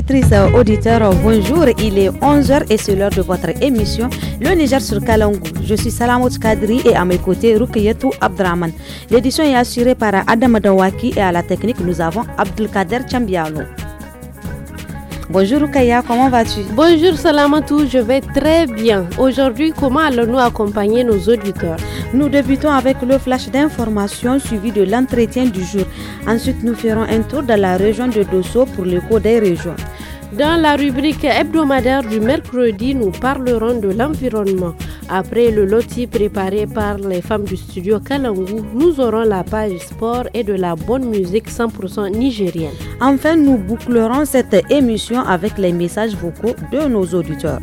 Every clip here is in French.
auditrices, auditeurs, bonjour. Il est 11h et c'est l'heure de votre émission Le Niger sur Kalangou. Je suis Salamot Kadri et à mes côtés Rukayetou Abdraman. L'édition est assurée par Adam Dawaki et à la technique nous avons Abdelkader Chambialo. Bonjour Rukaya, comment vas-tu Bonjour Salamatou, je vais très bien. Aujourd'hui, comment allons-nous accompagner nos auditeurs nous débutons avec le flash d'information suivi de l'entretien du jour. Ensuite, nous ferons un tour dans la région de Dosso pour l'écho des régions. Dans la rubrique hebdomadaire du mercredi, nous parlerons de l'environnement. Après le loti préparé par les femmes du studio Kalangu, nous aurons la page sport et de la bonne musique 100% nigérienne. Enfin, nous bouclerons cette émission avec les messages vocaux de nos auditeurs.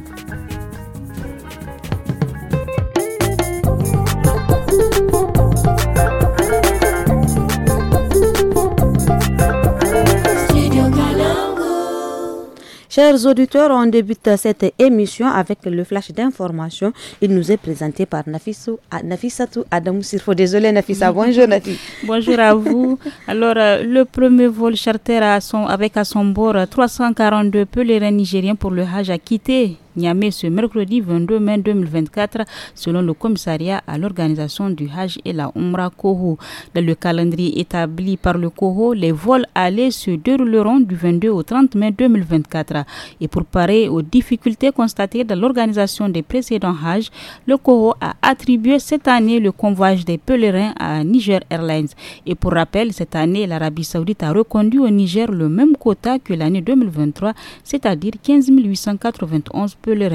Chers auditeurs, on débute cette émission avec le flash d'information. Il nous est présenté par Nafissou, ah, Nafissatou Adamou Sirfo. Désolé Nafissa, bonjour Nati. bonjour à vous. Alors, euh, le premier vol charter à son, avec à son bord 342 pèlerins nigériens pour le Hajj a quitté Niamey ce mercredi 22 mai 2024 selon le commissariat à l'organisation du Hajj et la Omra Koho. Dans le calendrier établi par le Koho, les vols allés se dérouleront du 22 au 30 mai 2024. Et pour parer aux difficultés constatées dans l'organisation des précédents Hajj, le Koho a attribué cette année le convoyage des pèlerins à Niger Airlines. Et pour rappel, cette année, l'Arabie saoudite a reconduit au Niger le même quota que l'année 2023, c'est-à-dire 15 891 peu le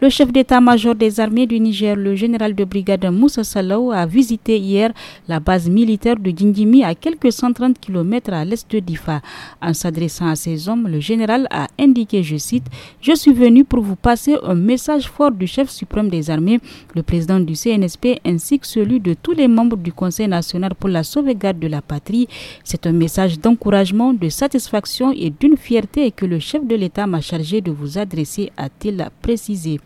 le chef d'état-major des armées du Niger, le général de brigade Moussa Salou, a visité hier la base militaire de Gindimi à quelques 130 km à l'est de Difa. En s'adressant à ses hommes, le général a indiqué, je cite, Je suis venu pour vous passer un message fort du chef suprême des armées, le président du CNSP, ainsi que celui de tous les membres du Conseil national pour la sauvegarde de la patrie. C'est un message d'encouragement, de satisfaction et d'une fierté que le chef de l'État m'a chargé de vous adresser, a-t-il précisé.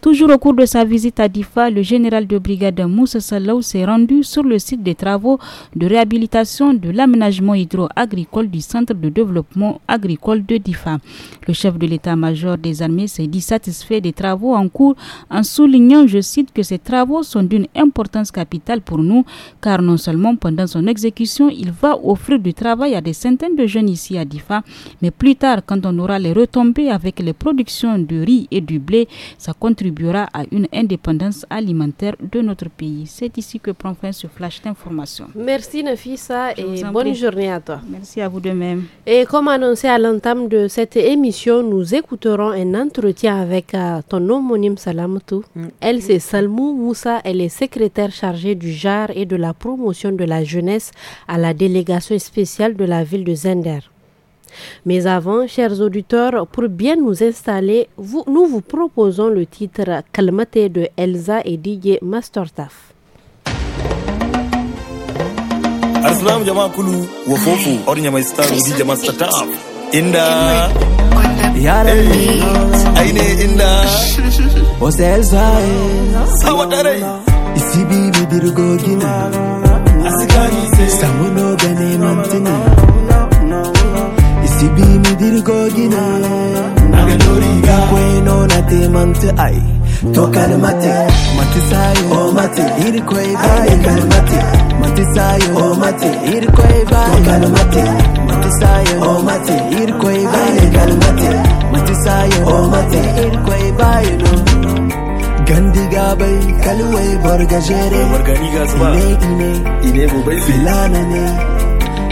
Toujours au cours de sa visite à Difa, le général de brigade Moussa Salou s'est rendu sur le site des travaux de réhabilitation de l'aménagement hydro-agricole du Centre de développement agricole de Difa. Le chef de l'état-major des armées s'est dit satisfait des travaux en cours en soulignant, je cite, que ces travaux sont d'une importance capitale pour nous car non seulement pendant son exécution, il va offrir du travail à des centaines de jeunes ici à Difa, mais plus tard, quand on aura les retombées avec les productions de riz et du blé, ça contribuera à une indépendance alimentaire de notre pays. C'est ici que prend fin ce flash d'information. Merci Nafisa et bonne journée à toi. Merci à vous de même. Et comme annoncé à l'entame de cette émission, nous écouterons un entretien avec euh, ton homonyme Salamtou. Mm. Elle, c'est Salmou Moussa. Elle est secrétaire chargée du JAR et de la promotion de la jeunesse à la délégation spéciale de la ville de Zender. Mais avant, chers auditeurs, pour bien nous installer, nous vous proposons le titre Calmate de Elsa et Didier Mastortaf. sibi mi dirgogina naga doriga kweno na te manta ai to kalmate mate sayo o mate ir koi ai kalmate mate sayo o mate ir koi bai kalmate mate sayo o mate ir koi bai kalmate mate sayo o mate ir koi bai no gandiga bai kalwai borgajere borganiga zuwa ine ine ine bubai filana ne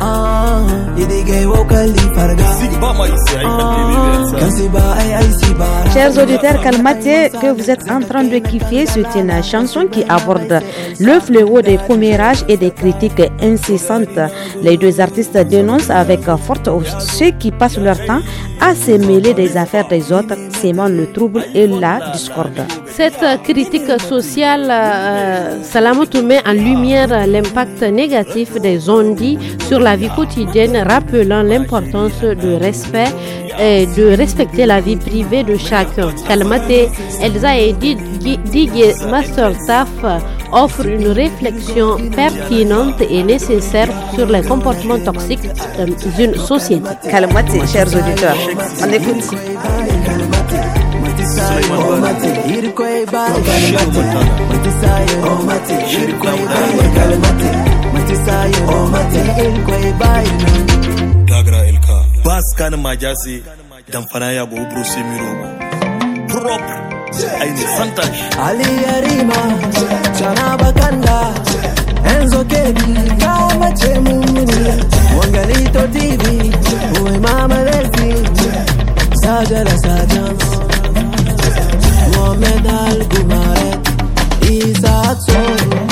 Ah, hein, ah, eh, eh, Chers auditeurs, calmatez que vous êtes en train de kiffer. C'est une chanson qui aborde le fléau des commérages et des critiques incessantes. Les deux artistes dénoncent avec force ceux qui passent leur temps à se mêler des affaires des autres, sémant le trouble et la discorde. Cette critique sociale, euh, met en lumière l'impact négatif des ondits sur la vie quotidienne, rappelant l'importance de respect et de respecter la vie privée de chacun. Kalmaté Elsa et Didier Taf offrent une réflexion pertinente et nécessaire sur les comportements toxiques d'une société. Kalmaté, chers auditeurs, on écoute. baskan oh matela ilikuwa ibaina gagra ilka majasi damfana ya go brusi mirogo prop aini santa ali yarima chana bakanda enzo kebi kama chemuni mwangalito tv uwe mama lezi sajala sajans Mohamed Al-Gumaret Isaac Soro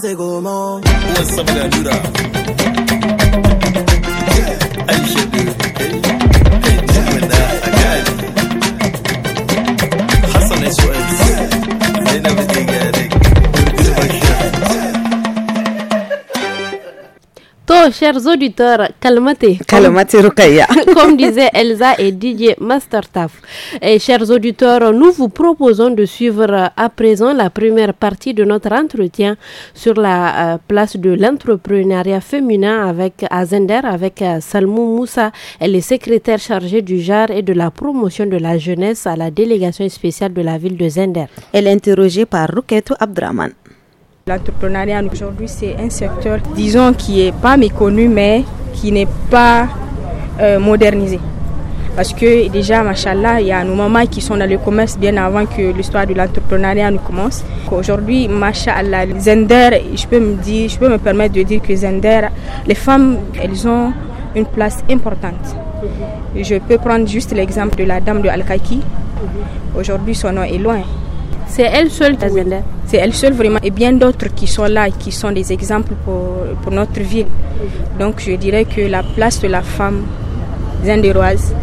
What's up with that dude? Oh, chers auditeurs, calmatez. Calmatez, Rukaya. Comme disait Elsa et Didier Mastertaf. Et chers auditeurs, nous vous proposons de suivre euh, à présent la première partie de notre entretien sur la euh, place de l'entrepreneuriat féminin avec Azender, avec euh, Salmou Moussa. Elle est secrétaire chargée du genre et de la promotion de la jeunesse à la délégation spéciale de la ville de Zender. Elle est interrogée par Ruketo Abdraman. L'entrepreneuriat aujourd'hui, c'est un secteur, disons, qui n'est pas méconnu, mais qui n'est pas euh, modernisé. Parce que déjà, machallah, il y a nos mamans qui sont dans le commerce bien avant que l'histoire de l'entrepreneuriat ne commence. Aujourd'hui, machallah, Zender, je peux me dire, je peux me permettre de dire que Zender, les femmes, elles ont une place importante. Je peux prendre juste l'exemple de la dame de al kaiki Aujourd'hui, son nom est loin. C'est elle seule, ah C'est elle seule vraiment. Et bien d'autres qui sont là, et qui sont des exemples pour, pour notre ville. Donc je dirais que la place de la femme zenderoise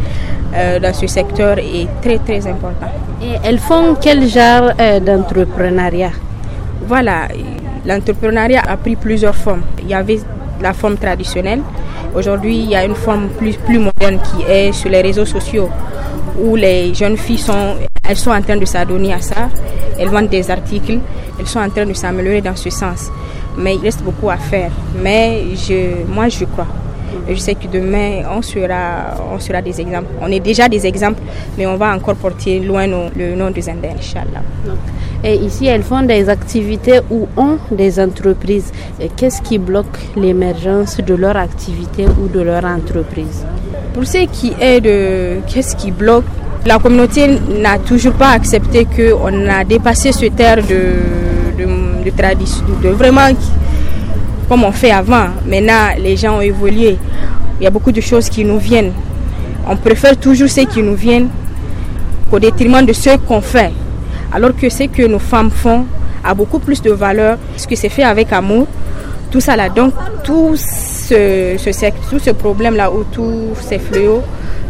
euh, dans ce secteur est très très importante. Et elles font quel genre euh, d'entrepreneuriat Voilà, l'entrepreneuriat a pris plusieurs formes. Il y avait la forme traditionnelle. Aujourd'hui, il y a une forme plus, plus moderne qui est sur les réseaux sociaux où les jeunes filles sont elles sont en train de s'adonner à ça. Elles vendent des articles. Elles sont en train de s'améliorer dans ce sens. Mais il reste beaucoup à faire. Mais je, moi, je crois. je sais que demain, on sera, on sera des exemples. On est déjà des exemples, mais on va encore porter loin le nom des Indiens, Inch'Allah. Et ici, elles font des activités ou ont des entreprises. Qu'est-ce qui bloque l'émergence de leur activité ou de leur entreprise Pour ce qui est de qu'est-ce qui bloque, la communauté n'a toujours pas accepté qu'on a dépassé ce terre de, tradition, de vraiment comme on fait avant. Maintenant, les gens ont évolué. Il y a beaucoup de choses qui nous viennent. On préfère toujours ce qui nous viennent au détriment de ce qu'on fait. Alors que ce que nos femmes font a beaucoup plus de valeur. Ce que c'est fait avec amour, tout ça là. Donc, ça ce, tout ce problème-là autour, ces fléaux,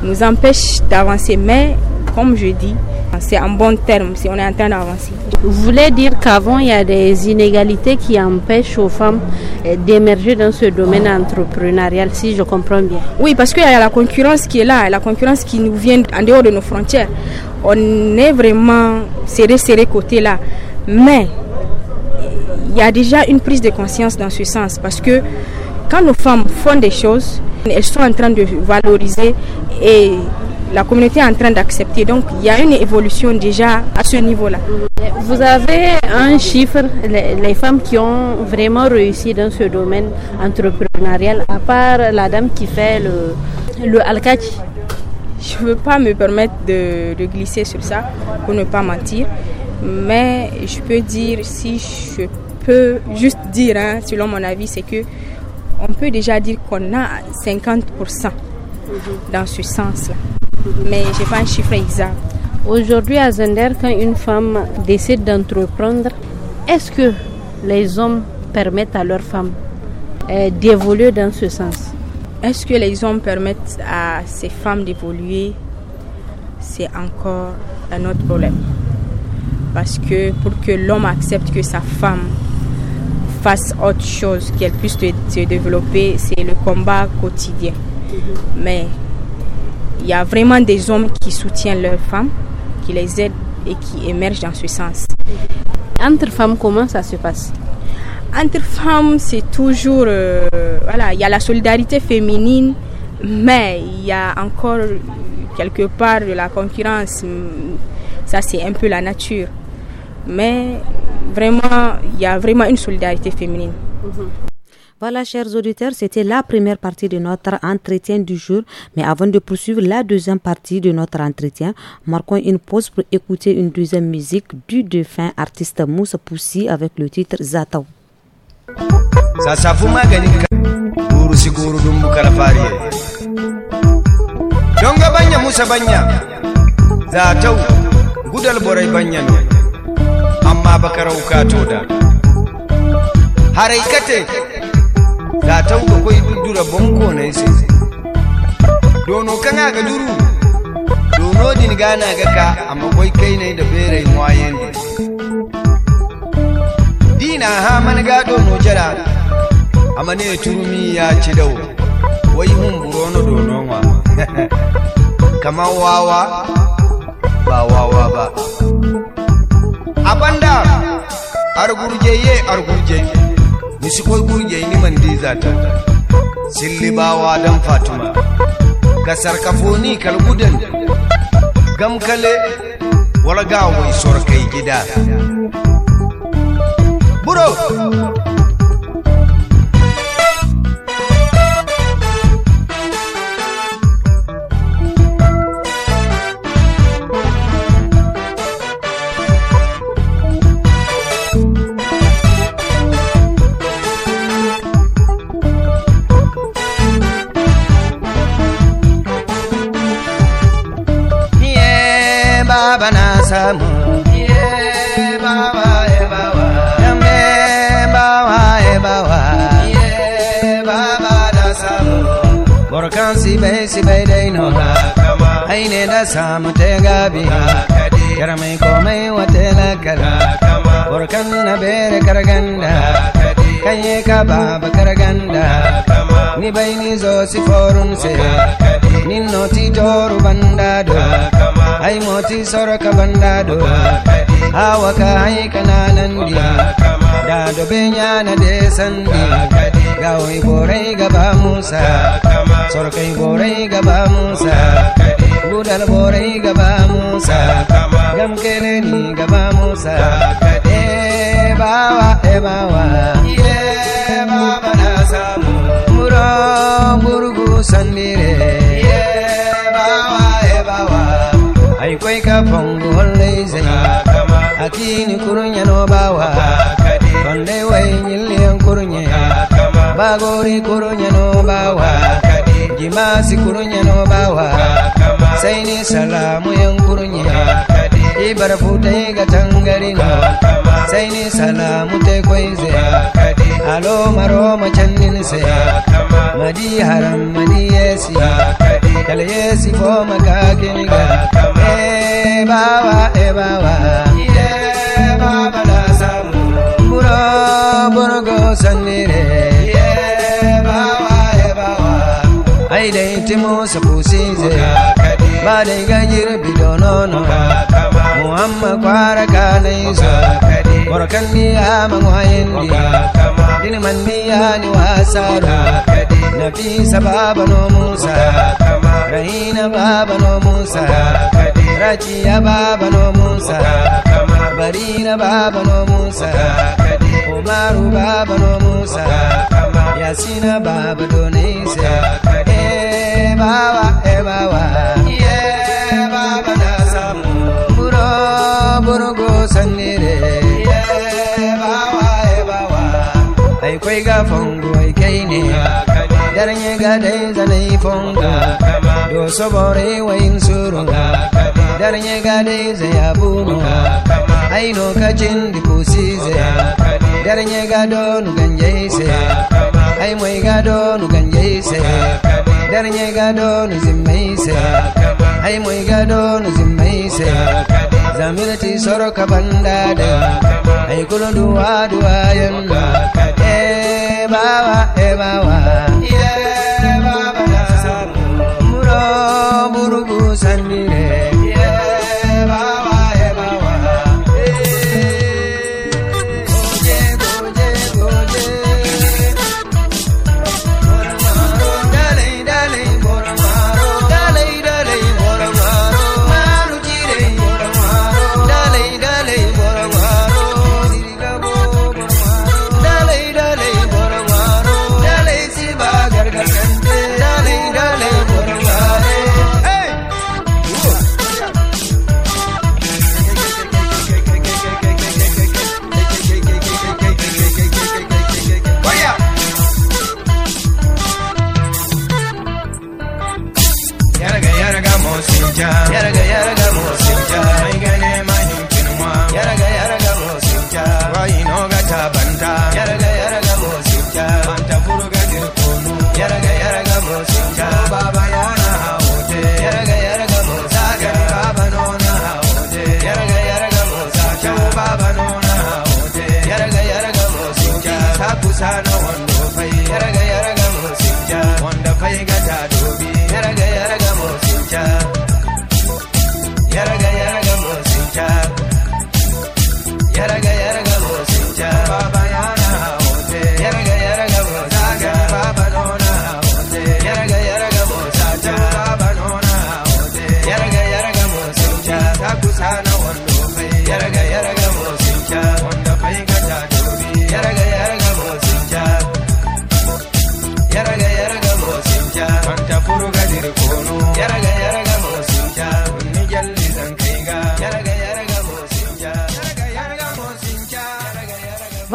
nous empêche d'avancer. Mais, comme je dis, c'est en bon terme si on est en train d'avancer. Vous voulez dire qu'avant, il y a des inégalités qui empêchent aux femmes eh, d'émerger dans ce domaine entrepreneurial, si je comprends bien Oui, parce qu'il y a la concurrence qui est là, la concurrence qui nous vient en dehors de nos frontières. On est vraiment serré, serré côté-là. Mais il y a déjà une prise de conscience dans ce sens, parce que quand nos femmes font des choses, elles sont en train de valoriser et la communauté est en train d'accepter. Donc il y a une évolution déjà à ce niveau-là. Vous avez un chiffre, les, femmes qui ont vraiment réussi dans ce domaine entrepreneurial, à part la dame qui fait le, le Je ne veux pas me permettre de, glisser sur ça pour ne pas mentir, mais je peux dire, si je peux juste dire, hein, selon mon avis, c'est que on peut déjà dire qu'on a 50% dans ce sens-là. Mais je n'ai pas un chiffre exact. Aujourd'hui, à Zender, quand une femme décide d'entreprendre, est-ce que les hommes permettent à leurs femmes euh, d'évoluer dans ce sens Est-ce que les hommes permettent à ces femmes d'évoluer C'est encore un autre problème. Parce que pour que l'homme accepte que sa femme autre chose, qu'elle puisse te, développer, c'est le combat quotidien. Mais il y a vraiment des hommes qui soutiennent leurs femmes, qui les aident et qui émergent dans ce sens. Entre femmes, comment ça se passe Entre femmes, c'est toujours... Euh, voilà, il y a la solidarité féminine, mais il y a encore quelque part de la concurrence. Ça, c'est un peu la nature. Mais vraiment, il y a vraiment une solidarité féminine. Mhm. Voilà, chers auditeurs, c'était la première partie de notre entretien du jour. Mais avant de poursuivre la deuxième partie de notre entretien, marquons une pause pour écouter une deuxième musique du défunt artiste Moussa Poussi avec le titre Zatao. amma baka rauka to da harai kate da tauka kwai dudura bonko na isi dono kana ga duru dono din gana ga ka amma kwai kai ne da bere wayen dina ha man ga dono jara amma ne turmi ya ci dau wai hun na dono ma kamar wawa ba wawa ba abanda argurje ye argurje misikoi gurje ni zata ta wa dan fatima gasar kafoni kalgudan gamkale warga wai sorkai gida buro baba na samu ye baba e baba yambe bawa e bawa ye baba na samu borkan si bai si bai dai no kama ai ne da samu te gabi yaramai komai wata lakala borkan na bere karganda kanye ka baba karganda ni bai ni zo si forun se ninno ti joru bandado ai moti soraka banda do hawa ka ai kananan bi. da do benya na de sandi ga oi borai gaba musa sorkai borai gaba musa gudal borai gaba musa gam ne ni gaba musa e bawa e bawa ye baba na samu muro gurgu sandire yeah. aikwai kafin buhon laizai a kini kurunya no bawa wanda wai yiliyan kurunya bagori kurunya no bawa gimasi kurunya no bawa sai ni salamu yan kurunya ibar futa ga tangarina sai ni salamu ta kwaize alo maro macan ninsa madi haram madi yesi kale yesikoma kakeniga ebawa ebawa e borogosanire e e aidaitimusa kusize badaigajire bidonono muhamma kwara kanaiza Warkan miya mangwayin biya Girman miya ni wasa Nafisa baba no Musa Rahina baba no Musa Rajiya baba no Musa Barina baba no Musa Umaru baba no Musa Yasina baba do Nisa Eh baba boy ga fongo kai ne darnya ga dai zanai fongo do sobore wayin suru darnya ga dai zaya bunu ai lokacin da ko size darnya ga don ganje se ai mai ga don ganje se darnya ga don zimmai se ai mai ga don zimmai se zamilati soro kabanda da ai kulun duwa duwa yanda baba ebawa murobuugusanire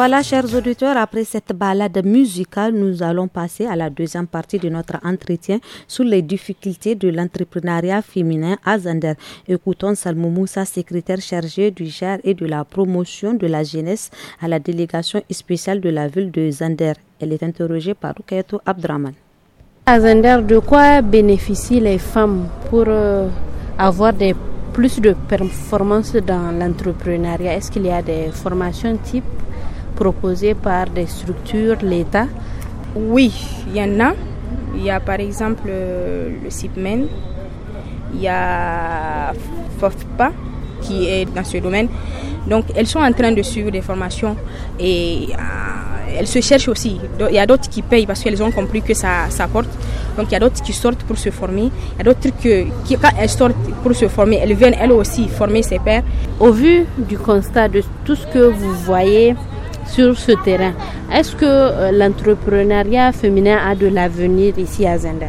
Voilà, chers auditeurs, après cette balade musicale, nous allons passer à la deuxième partie de notre entretien sur les difficultés de l'entrepreneuriat féminin à Zander. Écoutons Salmo Moussa, secrétaire chargée du GER et de la promotion de la jeunesse à la délégation spéciale de la ville de Zander. Elle est interrogée par Rukayato Abdraman. À Zander, de quoi bénéficient les femmes pour euh, avoir plus de performances dans l'entrepreneuriat Est-ce qu'il y a des formations type proposé par des structures, l'État Oui, il y en a. Il y a par exemple euh, le CIPMEN, il y a FOFPA qui est dans ce domaine. Donc elles sont en train de suivre des formations et euh, elles se cherchent aussi. Il y a d'autres qui payent parce qu'elles ont compris que ça, ça porte. Donc il y a d'autres qui sortent pour se former. Il y a d'autres qui, quand elles sortent pour se former, elles viennent elles aussi former ses pères. Au vu du constat de tout ce que vous voyez, sur ce terrain. Est-ce que euh, l'entrepreneuriat féminin a de l'avenir ici à Zenda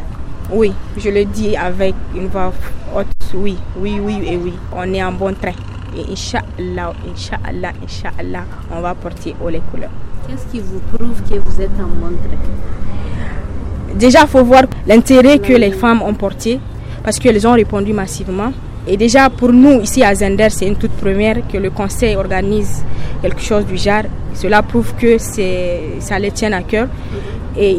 Oui, je le dis avec une voix haute. Oui, oui, oui et oui. On est en bon train. Et Inch'Allah, Inch'Allah, Inch'Allah, on va porter haut les couleurs. Qu'est-ce qui vous prouve que vous êtes en bon train Déjà, il faut voir l'intérêt que les femmes ont porté parce qu'elles ont répondu massivement et déjà pour nous ici à Zender, c'est une toute première que le conseil organise quelque chose du genre. Cela prouve que ça les tient à cœur. Et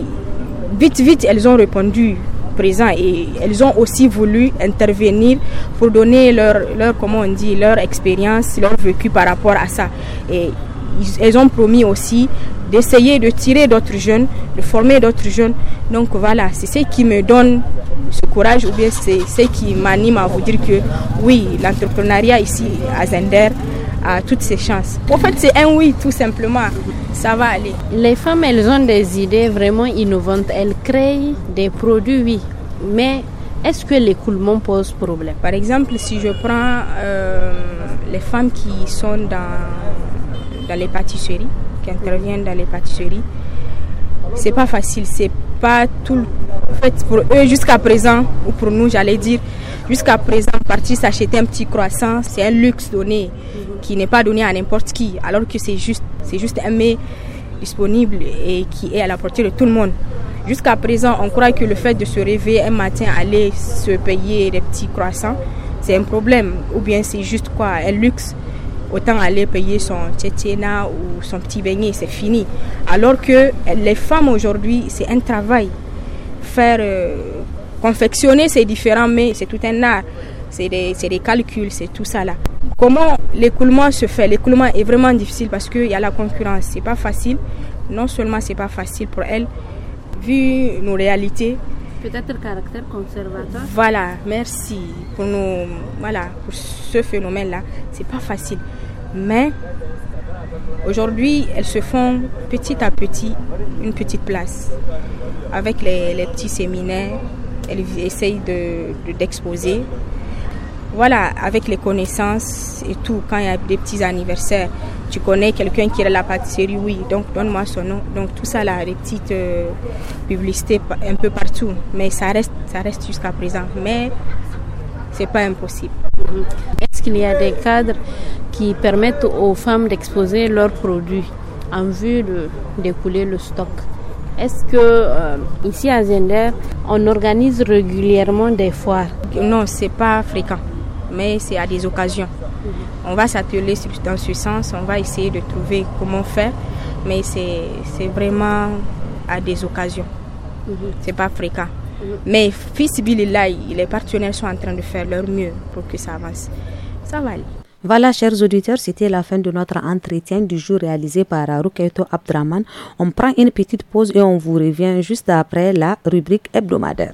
vite, vite, elles ont répondu présent et elles ont aussi voulu intervenir pour donner leur, leur comment on dit, leur expérience, leur vécu par rapport à ça. Et elles ont promis aussi essayer de tirer d'autres jeunes, de former d'autres jeunes. Donc voilà, c'est ce qui me donne ce courage ou bien c'est ce qui m'anime à vous dire que oui, l'entrepreneuriat ici à Zender a toutes ses chances. En fait, c'est un oui tout simplement. Ça va aller. Les femmes, elles ont des idées vraiment innovantes. Elles créent des produits, oui. Mais est-ce que l'écoulement pose problème Par exemple, si je prends euh, les femmes qui sont dans, dans les pâtisseries, interviennent dans les pâtisseries. C'est pas facile, c'est pas tout. En fait, pour eux, jusqu'à présent, ou pour nous, j'allais dire, jusqu'à présent, partir s'acheter un petit croissant, c'est un luxe donné qui n'est pas donné à n'importe qui, alors que c'est juste, c'est juste un mets disponible et qui est à la portée de tout le monde. Jusqu'à présent, on croit que le fait de se réveiller un matin, aller se payer des petits croissants, c'est un problème, ou bien c'est juste quoi, un luxe autant aller payer son tchétchéna ou son petit beignet, c'est fini. Alors que les femmes aujourd'hui, c'est un travail. Faire euh, confectionner, c'est différent, mais c'est tout un art. C'est des, calculs, c'est tout ça là. Comment l'écoulement se fait L'écoulement est vraiment difficile parce qu'il y a la concurrence. C'est pas facile. Non seulement c'est pas facile pour elles, vu nos réalités, peut-être caractère conservateur. Voilà, merci pour nous, voilà, ce phénomène-là. C'est pas facile, mais aujourd'hui, elles se font petit à petit une petite place avec les, petits séminaires. Elles essayent de d'exposer voilà, avec les connaissances et tout, quand il y a des petits anniversaires, tu connais quelqu'un qui est la pâtisserie, oui, donc donne-moi son nom. Donc tout ça, la petites euh, publicités un peu partout. Mais ça reste, ça reste jusqu'à présent. Mais c'est pas impossible. Mm-hmm. Est-ce qu'il y a des cadres qui permettent aux femmes d'exposer leurs produits en vue de découler le stock est-ce que euh, ici à Zender, on organise régulièrement des foires Non, c'est pas fréquent mais c'est à des occasions. On va s'atteler dans ce sens, on va essayer de trouver comment faire, mais c'est vraiment à des occasions. Mhm. C'est pas fréquent. Mhm. Mais Fils là, les partenaires sont en train de faire leur mieux pour que ça avance. Ça va aller. Voilà, chers auditeurs, c'était la fin de notre entretien du jour réalisé par Rukaito Abdraman. On prend une petite pause et on vous revient juste après la rubrique hebdomadaire.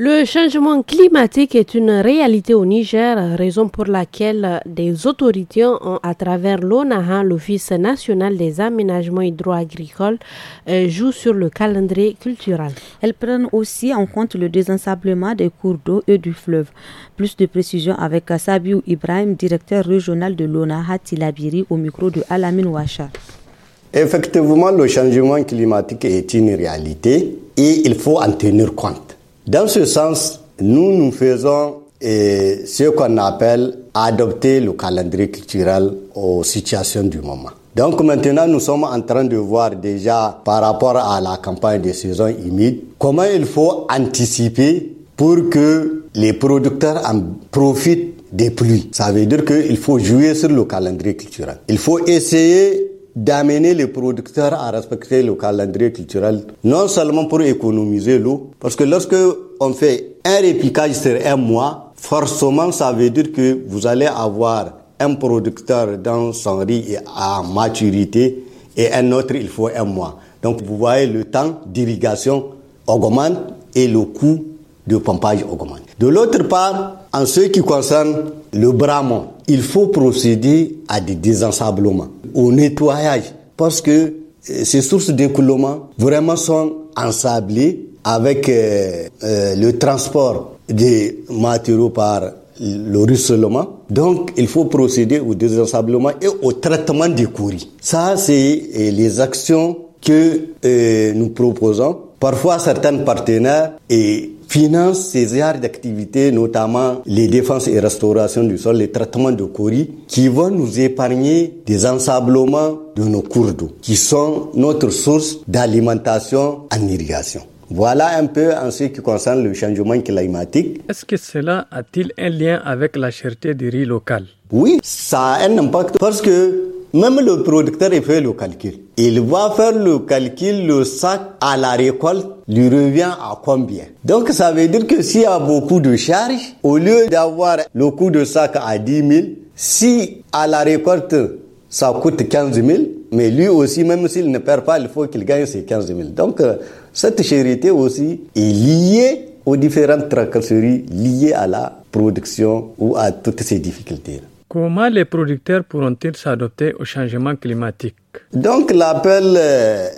Le changement climatique est une réalité au Niger, raison pour laquelle des autorités ont, à travers l'ONAHA, l'Office national des aménagements hydro agricoles, euh, jouent sur le calendrier culturel. Elles prennent aussi en compte le désensablement des cours d'eau et du fleuve. Plus de précisions avec Sabiou Ibrahim, directeur régional de l'ONAHA Tilabiri, au micro de Alamine Ouacha. Effectivement, le changement climatique est une réalité et il faut en tenir compte. Dans ce sens, nous nous faisons et ce qu'on appelle adopter le calendrier culturel aux situations du moment. Donc maintenant, nous sommes en train de voir déjà par rapport à la campagne de saison humide, comment il faut anticiper pour que les producteurs en profitent des pluies. Ça veut dire qu'il faut jouer sur le calendrier culturel. Il faut essayer d'amener les producteurs à respecter le calendrier culturel, non seulement pour économiser l'eau, parce que lorsque on fait un répliquage sur un mois, forcément ça veut dire que vous allez avoir un producteur dans son riz à maturité et un autre il faut un mois. Donc vous voyez le temps d'irrigation augmente et le coût de pompage augmente. De l'autre part, en ce qui concerne le bramant, il faut procéder à des désensablements, au nettoyage, parce que euh, ces sources d'écoulement vraiment sont ensablées avec euh, euh, le transport des matériaux par le ruissellement. Donc, il faut procéder au désensablement et au traitement des courriers. Ça, c'est les actions que nous proposons Parfois, certains partenaires financent ces aires d'activité, notamment les défenses et restaurations du sol, les traitements de coris, qui vont nous épargner des ensablements de nos cours d'eau, qui sont notre source d'alimentation en irrigation. Voilà un peu en ce qui concerne le changement climatique. Est-ce que cela a-t-il un lien avec la cherté des riz locales Oui, ça a un impact parce que même le producteur, il fait le calcul. Il va faire le calcul, le sac à la récolte lui revient à combien. Donc ça veut dire que s'il y a beaucoup de charges, au lieu d'avoir le coût de sac à 10 000, si à la récolte ça coûte 15 000, mais lui aussi, même s'il ne perd pas, il faut qu'il gagne ces 15 000. Donc euh, cette charité aussi est liée aux différentes tracasseries liées à la production ou à toutes ces difficultés. Comment les producteurs pourront-ils s'adapter au changement climatique Donc l'appel euh,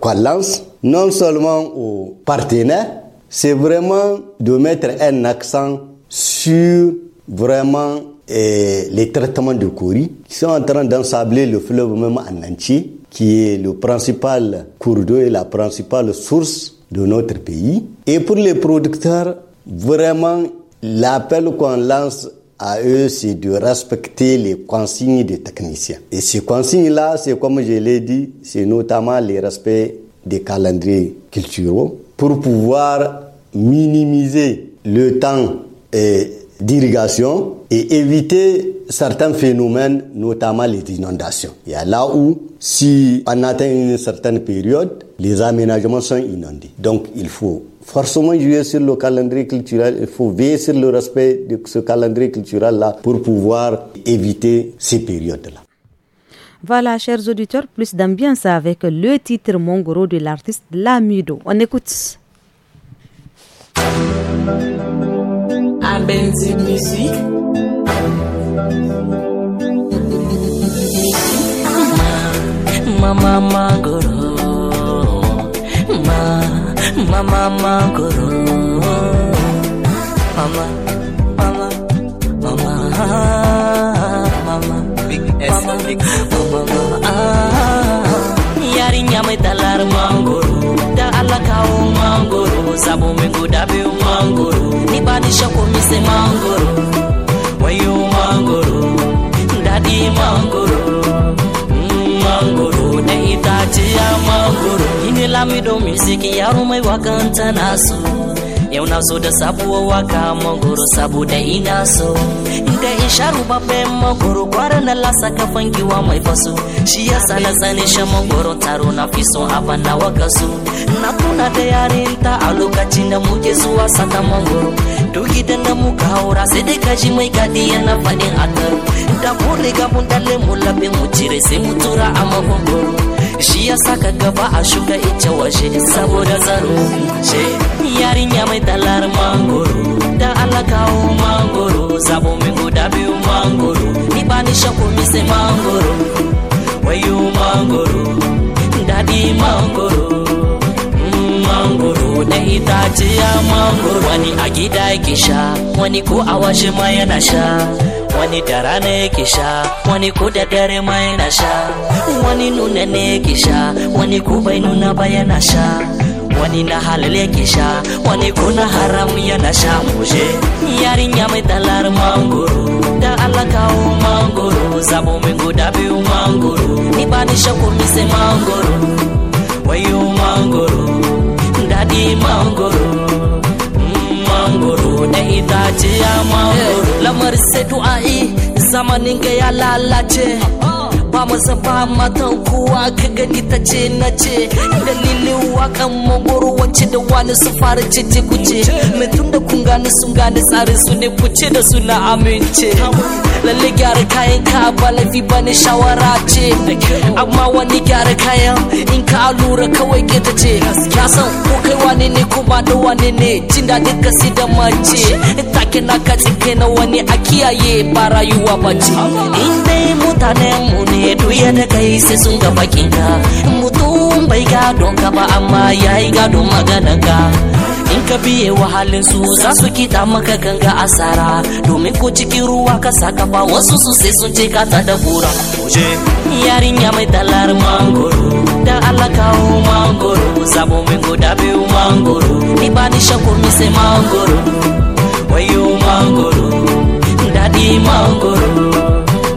qu'on lance, non seulement aux partenaires, c'est vraiment de mettre un accent sur vraiment euh, les traitements de courrier qui sont en train d'ensabler le fleuve même en entier, qui est le principal cours d'eau et la principale source de notre pays. Et pour les producteurs, vraiment, l'appel qu'on lance a eux, c'est de respecter les consignes des techniciens. Et ces consignes-là, c'est comme je l'ai dit, c'est notamment les respect des calendriers culturels pour pouvoir minimiser le temps d'irrigation et éviter certains phénomènes, notamment les inondations. Il y a là où, si on atteint une certaine période, les aménagements sont inondés. Donc, il faut forcément vais sur le calendrier culturel. Il faut veiller sur le respect de ce calendrier culturel-là pour pouvoir éviter ces périodes-là. Voilà, chers auditeurs, plus d'ambiance avec le titre mongoro de l'artiste Lamido. On écoute. Ah, ma. mama mama guru mama mama mama mama big s big mama mama ah. yari nyame dalar mangoro da alla kau mangoro sabu mingu dabe mangoro ni bani shoko mise mangoro wayo mangoro dadi manguru mm, mangoro ne itachi manguru. lamido music yarumai wakanta naso yau naso da sabuwar waka magoro sabu da inaso ga isha ruba bayan magoro gwara na lasa kafan giwa mai faso shi ya sana sani sha magoro taro na fi son haba na waka su na tuna da yarin ta a lokacin da muke zuwa sata magoro duk gidan da muka haura sai dai kaji mai gadi yana faɗin atar da kore gabun dalle mu labin mu cire sai mu tura a magoro zviyasaka gaba ashuka ichawaje saboda zarumice yari nyamai dalari mangoro da alakawo mangoro zabomengo dabiu mangoro ibanishakomise mangoro wayu mangoro dadi mangoro mm, mangoro da itatiya mangoro wani agidai kisha wani ko awashe mayanasha wani dara na yake sha wani ko daddare ma yana sha wani nuna na yake sha wani ko bai nuna ba yana sha wani na halal yake sha wani ko na haram yana sha muje yarinya mai talar mangoro da alakawo mangoro zabo min guda biyu mangoro ni ba ni sha komi sai mangoro wayo mangoro daɗi mangoro na idace ya mako lamar sai du'a'i zamanin ga ya lalace ba masa ba matan kowa ka gani ta ce na ce dalilin wakan mangoro wacce da wani su fara cece kuce mai tun da kun gane sun gani tsarin su ne kuce da su na amince lalle gyara kayan ka ba ba bane shawara ce amma wani gyara kayan in ka lura kawai keta ce ya san ko kai wani ne ko ba da wani ne jin daɗin ka si da mace take na ka tsike na wani a kiyaye ba rayuwa ba ce in dai mutanen mu ne duya da kai sai sun ga bakin ka mutum bai gadon ka ba amma yayi gadon magana ka in ka biye wahalinsu za su kiɗa maka ganga asara domin ko ciki ruwa ka saka ba wasu su sai sun ce ka ta dabura yarinya mai dalar mangoro da alakawo mangoro zabo min guda biyu mangoro ni ba ni shakko mi sai mangoro wayo mangoro dadi mangoro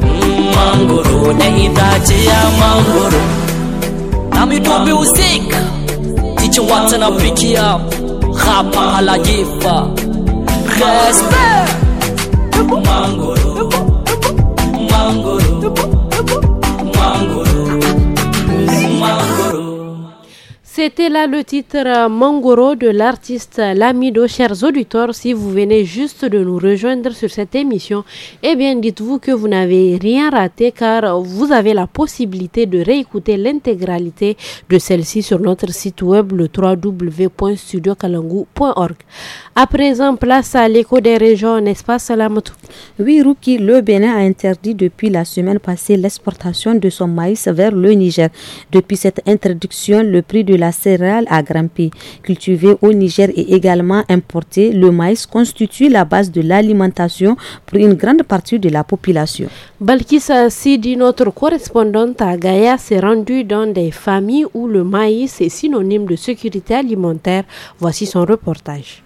mm, mangoro da itace ya mangoro Tell me to be sick. Teach you what's in a picky up. Rap à la Yefa. Respect. Mangoro. Mangoro. C'était là le titre euh, Mangoro de l'artiste Lamido. Chers auditeurs, si vous venez juste de nous rejoindre sur cette émission, eh bien dites-vous que vous n'avez rien raté car vous avez la possibilité de réécouter l'intégralité de celle-ci sur notre site web le www.studiokalangu.org. À présent, place à l'écho des régions, n'est-ce pas Salamatou Oui, Ruki, le Bénin a interdit depuis la semaine passée l'exportation de son maïs vers le Niger. Depuis cette introduction, le prix de la céréales à grimper. Cultivé au Niger et également importé, le maïs constitue la base de l'alimentation pour une grande partie de la population. Balkissa Sidi, notre correspondante à Gaïa, s'est rendue dans des familles où le maïs est synonyme de sécurité alimentaire. Voici son reportage.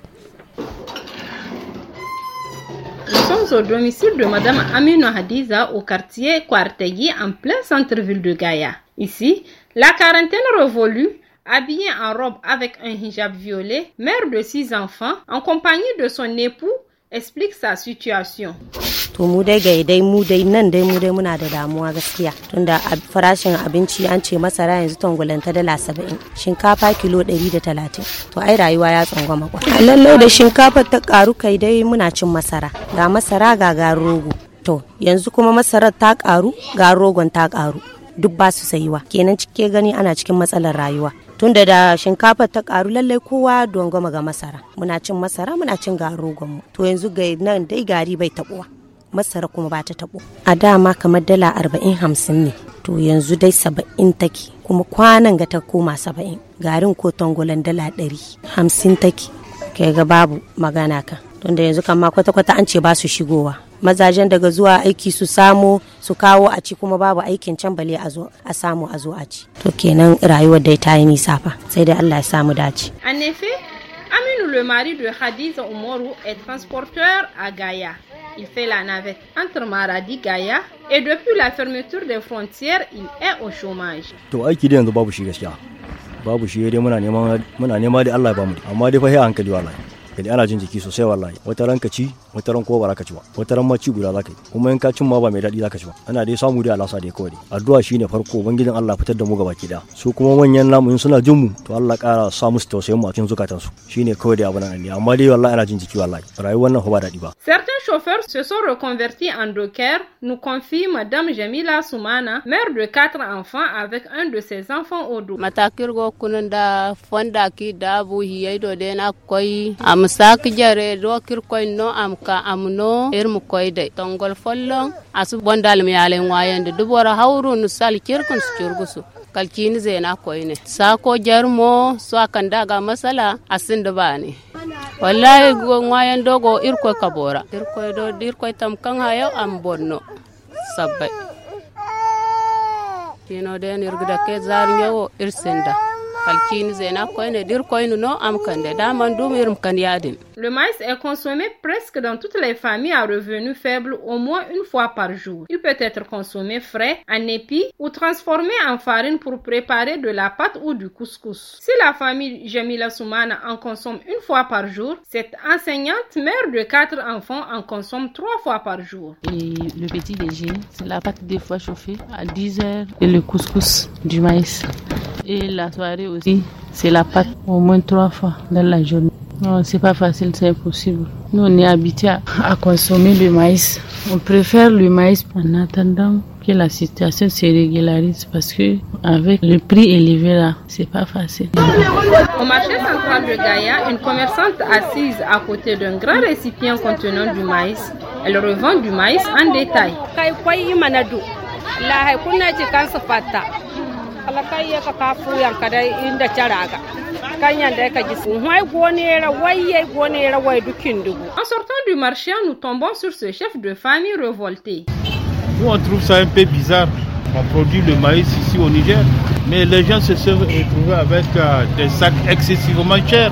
Nous sommes au domicile de Madame Aminou Hadiza au quartier Quartegui en plein centre-ville de Gaïa. Ici, la quarantaine revolue, habillée en robe avec un hijab violet, mère de six enfants, en compagnie de son époux, explique sa situation. to mu dai gai dai mu dai nan dai mu dai muna da damuwa gaskiya tunda farashin abinci an ce masara yanzu tangulanta dala saba'in shinkafa kilo ɗari da talatin to ai rayuwa ya tsangwama kwa lallai da shinkafa ta karu kai dai muna cin masara ga masara ga rogo to yanzu kuma masarar ta karu ga rogon ta karu duk ba su sayuwa kenan cike gani ana cikin matsalar rayuwa tunda da shinkafar ta karu lallai kowa don dongoma ga masara muna cin masara muna cin garo mu to yanzu ga nan dai gari bai tabuwa masara kuma ba ta tabo a dama kamar dala arba'in hamsin ne to yanzu dai saba'in take kuma kwanan ga ta koma saba'in garin ko tangolan dala ɗari hamsin take kai ga babu magana kan tunda yanzu kama kwata-kwata an ce ba su shigowa mazajen daga zuwa aiki su samu su kawo a ci kuma babu aikin can bale a zo a samu a zo a ci to kenan rayuwar dai ta yi nisa fa sai dai Allah ya samu dace en nefe Aminou le mari de Khadija umaru est transporteur a gaya il fait la navette entre Maradi gaya et depuis la fermeture des frontières il est au chômage to aiki da yanzu babu shi gaskiya babu shi dai muna nema muna nema da Allah ya bamu amma dai fa sai hankali wallahi idan ana jin jiki sai wallahi wata ran ka ci wata ran kuma ka ci ba wata ran ma ci guda zaka yi kuma in ka cin ma ba mai daɗi zaka ci ba ana dai samu dai alasa dai kawai addu'a shine farko ubangijin Allah fitar da mu gaba ki da su kuma manyan namu in suna jin mu to Allah ƙara sa musu tausayin mu a cikin zukatan su shine kawai dai abin nan amma dai wallahi ana jin jiki wallahi rayuwar nan ba daɗi ba certain chauffeurs se sont reconvertis en docker nous confie madame Jamila Soumana mère de quatre enfants avec un de ses enfants au dos matakir go kunun da fonda ki da bu hiyai do de na koi am musak jare do kir no am ka am no er mu koyde tongol follo asu bondal mi yale wayande dubora hawru nu sal kirkun su curgusu kalkini zena koy ne sako jarmo so akanda daga masala asin da bani wallahi go wayan dogo irko kabora irko do dirko tam kan hayo am bonno sabbe kino den irgida ke zar nyawo irsenda Le maïs est consommé presque dans toutes les familles à revenus faibles au moins une fois par jour. Il peut être consommé frais, en épi ou transformé en farine pour préparer de la pâte ou du couscous. Si la famille Jamila Soumana en consomme une fois par jour, cette enseignante mère de quatre enfants en consomme trois fois par jour. Et le petit déjeuner, c'est la pâte des fois chauffée à 10 heures et le couscous du maïs. Et la soirée c'est la pâte au moins trois fois dans la journée. Non, c'est pas facile, c'est impossible. Nous, on est habitués à, consommer le maïs. On préfère le maïs en attendant que la situation se régularise parce que avec le prix élevé là, c'est pas facile. Au marché central de Gaïa, une commerçante assise à côté d'un grand récipient contenant du maïs. Elle revend du maïs en détail en sortant du marché nous tombons sur ce chef de famille révolté. nous on trouve ça un peu bizarre on produit le maïs ici au Niger mais les gens se sont retrouvés avec euh, des sacs excessivement chers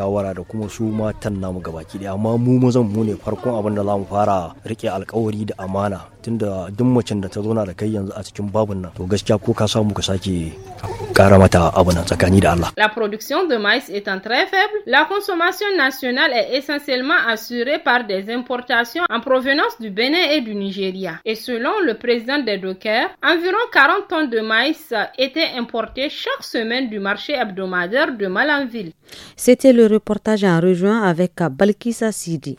shawara da kuma su matan namu gabaki ɗaya amma mu mazan mu ne farkon abin da za mu fara riƙe alkawari da amana La production de maïs étant très faible, la consommation nationale est essentiellement assurée par des importations en provenance du Bénin et du Nigeria. Et selon le président des dockers, environ 40 tonnes de maïs étaient importées chaque semaine du marché hebdomadaire de Malanville. C'était le reportage en rejoint avec Balkisa Sidi.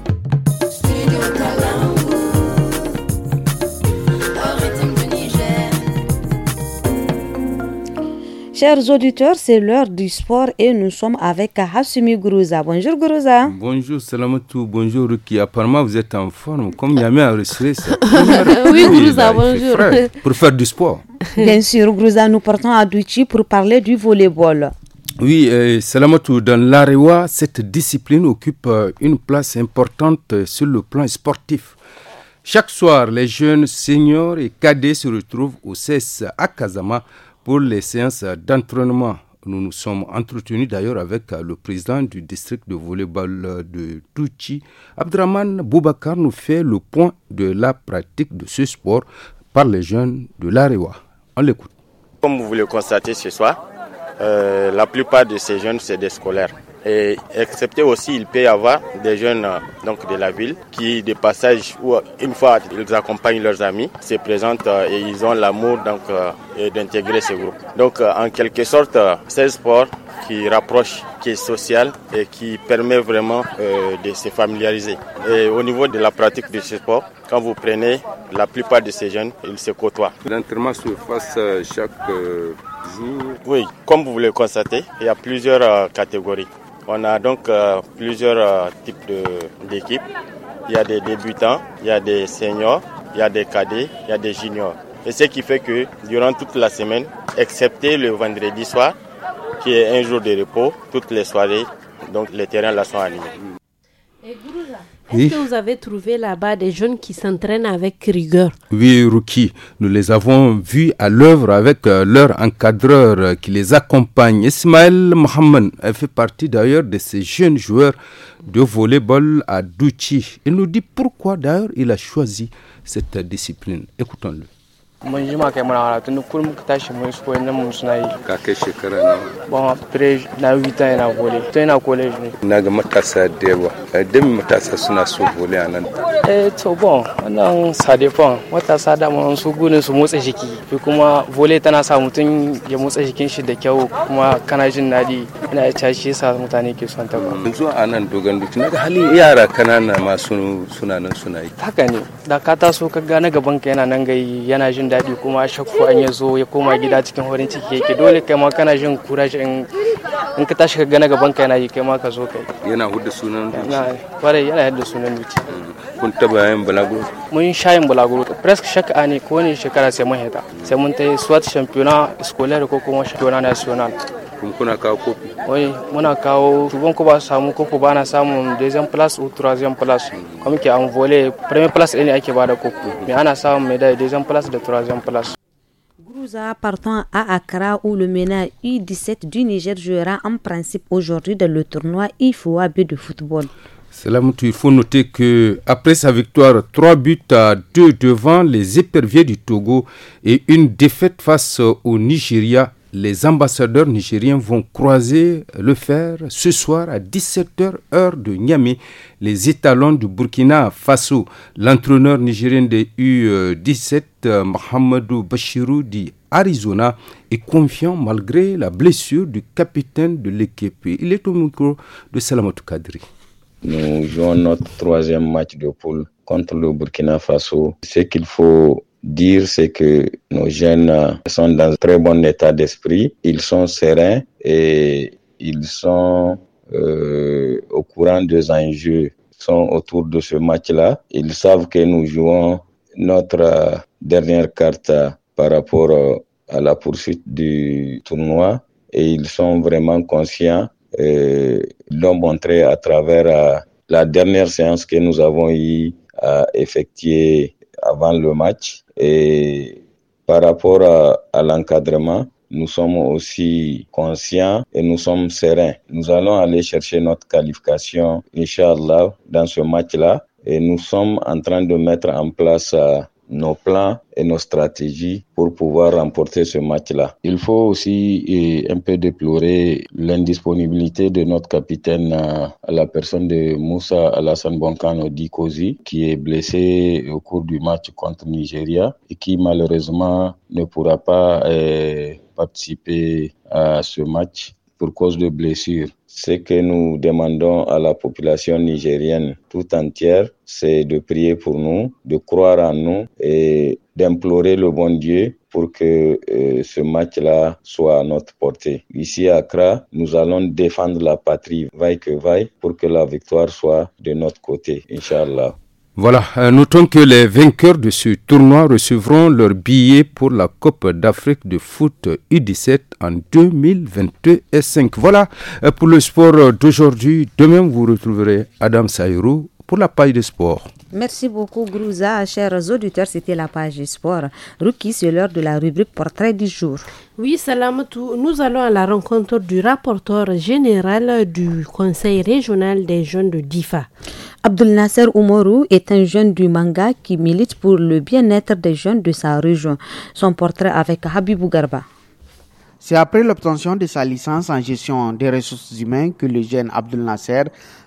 Chers auditeurs, c'est l'heure du sport et nous sommes avec Hassimi Grouza. Bonjour Grouza. Bonjour Salamatou, bonjour Ruki. Apparemment, vous êtes en forme, comme Yamé a reçu oui, Grouza, bonjour. pour faire du sport. Bien sûr, Grouza, nous partons à Douchi pour parler du volleyball. Oui, euh, Salamatou, dans l'Arewa, cette discipline occupe euh, une place importante euh, sur le plan sportif. Chaque soir, les jeunes seniors et cadets se retrouvent au CES à Kazama pour les séances d'entraînement, nous nous sommes entretenus d'ailleurs avec euh, le président du district de volleyball euh, de Touchi. Abdraman Boubakar nous fait le point de la pratique de ce sport par les jeunes de l'Arewa. On l'écoute. Comme vous le constatez ce soir, euh, la plupart de ces jeunes, c'est des scolaires. Et excepté aussi, il peut y avoir des jeunes euh, donc de la ville qui, de passage, ou euh, une fois ils accompagnent leurs amis, se présentent euh, et ils ont l'amour d'intégrer ce groupe. Donc, en quelque sorte, c'est un sport qui rapproche, qui est social et qui permet vraiment de se familiariser. Et au niveau de la pratique de ce sport, quand vous prenez la plupart de ces jeunes, ils se côtoient. L'entraînement se passe chaque jour Oui, comme vous le constatez, il y a plusieurs catégories. On a donc euh, plusieurs euh, types d'équipes. Il y a des débutants, il y a des seniors, il y a des cadets, il y a des juniors. Et ce qui fait que durant toute la semaine, excepté le vendredi soir, qui est un jour de repos, toutes les soirées, donc les terrains là sont animés. Est-ce que vous avez trouvé là-bas des jeunes qui s'entraînent avec rigueur Oui, Ruki, nous les avons vus à l'œuvre avec euh, leur encadreur euh, qui les accompagne. Ismaël Mohamed fait partie d'ailleurs de ces jeunes joueurs de volleyball à Douchi. Il nous dit pourquoi d'ailleurs il a choisi cette discipline. Écoutons-le. mun ji ma kai muna wara tun kullum ka tashi mun su koyi mun suna yi ka kai shekara na ba pre na wita yana gole to yana college ne na ga matasa da yawa eh, da matasa suna so gole a nan eh to bon wannan sadefan matasa da mun su gune su motsa jiki fi kuma vole tana sa mutun ya motsa jikin shi da kyau kuma kana jin nadi ina ya tashi sa mutane ke son ta ba yanzu a nan dogon duci na ga hali yara kanana ma suna nan suna yi haka ne da ka taso ka ga na gaban ka yana nan gai yana jin daɗi kuma shakku an ya zo ya koma gida cikin horin ciki yake dole kai ma kana jin kuraji in in ka tashi ka gana gaban ka yana yi kai ma ka zo kai yana hudda sunan kwarai yana hudda sunan duci mm. kun taba yayin bulaguro mun sha yin bulaguro presque chaque année ko ne shekara sai mun heta sai mun ta yi swat championnat scolaire ko kuma championnat national Oui, kuna kawo kofi muna kawo tubon ko ba samu ko ko bana samu deuxième place ou troisième place comme ke an vole première place ne ake bada kofi me ana samun médaille deuxième place da troisième place Gourouza partant à Accra où le MENA U17 du Niger jouera en principe aujourd'hui dans le tournoi IFOA B de football. Salamoutou, il faut noter que après sa victoire, 3 buts à 2 devant les éperviers du Togo et une défaite face au Nigeria, les ambassadeurs nigériens vont croiser le fer ce soir à 17h heure de Niamey, les étalons du Burkina Faso. L'entraîneur nigérien des U17, euh, Mohamedou Bachirou dit Arizona est confiant malgré la blessure du capitaine de l'équipe. Il est au micro de Salamatou Kadri. Nous jouons notre troisième match de poule contre le Burkina Faso. C'est qu'il faut dire, c'est que nos jeunes euh, sont dans un très bon état d'esprit, ils sont sereins et ils sont euh, au courant des enjeux sont autour de ce match-là. Ils savent que nous jouons notre euh, dernière carte euh, par rapport à la poursuite du tournoi et ils sont vraiment conscients. Euh, l'ont montré à travers la dernière séance que nous avons eu à effectuer avant le match. Et par rapport à, l'encadrement, nous sommes aussi conscients et nous sommes sereins. Nous allons aller chercher notre qualification, Inch'Allah, dans ce match-là. Et nous sommes en train de mettre en place euh, nos plans et nos stratégies pour pouvoir remporter ce match-là. Il faut aussi eh, un peu déplorer l'indisponibilité de notre capitaine à euh, la personne de Moussa Alassane Bonkano Dikozi qui est blessé au cours du match contre Nigeria et qui malheureusement ne pourra pas eh, participer à ce match pour cause de blessures. Ce que nous demandons à la population nigérienne tout entière, c'est de prier pour nous, de croire en nous et d'implorer le bon Dieu pour que euh, ce match-là soit à notre portée. Ici à Accra, nous allons défendre la patrie, vaille que vaille, pour que la victoire soit de notre côté, Inch'Allah. Voilà, euh, notons que les vainqueurs de ce tournoi recevront leur billet pour la Coupe d'Afrique de foot U17 en 2022 et 5. Voilà euh, pour le sport d'aujourd'hui. Demain, vous retrouverez Adam Sayrou la page de sport. Merci beaucoup, Grouza. Chers auditeurs, c'était la page des sport. Ruki, c'est l'heure de la rubrique portrait du jour. Oui, tout. nous allons à la rencontre du rapporteur général du Conseil régional des jeunes de DIFA. Abdel Nasser Oumourou est un jeune du manga qui milite pour le bien-être des jeunes de sa région. Son portrait avec Habibou Garba. C'est après l'obtention de sa licence en gestion des ressources humaines que le jeune Abdel Nasser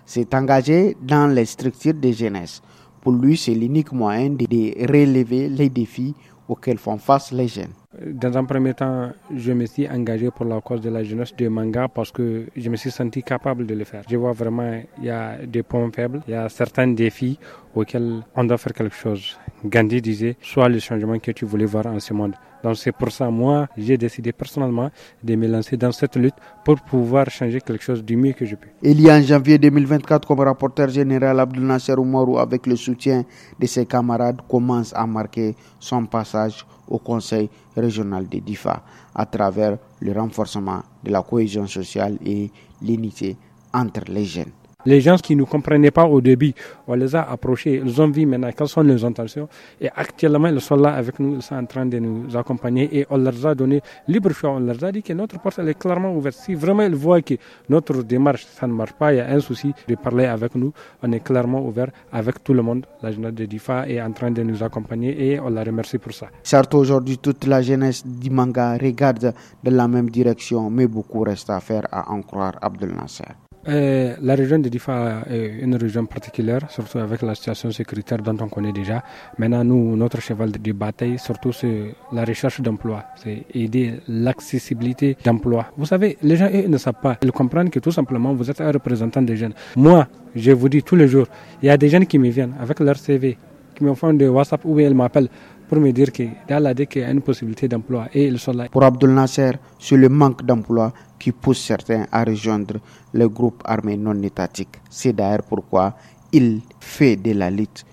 s'est engagé dans les structures de jeunesse. Pour lui, c'est l'unique moyen de, relever les défis auxquels font face les jeunes. Dans un premier temps, je me suis engagé pour la cause de la jeunesse de Manga parce que je me suis senti capable de le faire. Je vois vraiment il y a des points faibles, il y a certains défis auxquels on doit faire quelque chose. Gandhi disait, soit le changement que tu voulais voir en ce monde. Donc c'est pour ça, moi, j'ai décidé personnellement de me lancer dans cette lutte pour pouvoir changer quelque chose du mieux que je peux. Il y a en janvier 2024, comme rapporteur général, Abdel Nasser Oumarou, avec le soutien de ses camarades, commence à marquer son passage au Conseil régional des DIFA à travers le renforcement de la cohésion sociale et l'unité entre les jeunes. Les gens qui ne comprenaient pas au début, on les a approchés, ils ont vu maintenant quelles sont nos intentions. Et actuellement, ils sont là avec nous, ils sont en train de nous accompagner et on leur a donné libre choix. On leur a dit que notre porte est clairement ouverte. Si vraiment ils voient que notre démarche, ça ne marche pas, il y a un souci de parler avec nous, on est clairement ouvert avec tout le monde. La jeunesse de DIFA est en train de nous accompagner et on la remercie pour ça. Certes, aujourd'hui, toute la jeunesse d'Imanga regarde de la même direction, mais beaucoup reste à faire à en croire Abdel Nasser. Euh, la région de Difa est une région particulière, surtout avec la situation sécuritaire dont on connaît déjà. Maintenant, nous, notre cheval de bataille, surtout, c'est la recherche d'emploi. C'est aider l'accessibilité d'emploi. Vous savez, les gens, ils ne savent pas. Ils comprennent que tout simplement, vous êtes un représentant des jeunes. Moi, je vous dis tous les jours, il y a des jeunes qui me viennent avec leur CV, qui me font des WhatsApp ou ils m'appellent pour me dire que dans la DEC, il y a une possibilité d'emploi et ils sont là. Pour Abdel Nasser, c'est le manque d'emploi qui pousse certains à rejoindre le groupe armé non étatique. C'est d'ailleurs pourquoi il fait de la lutte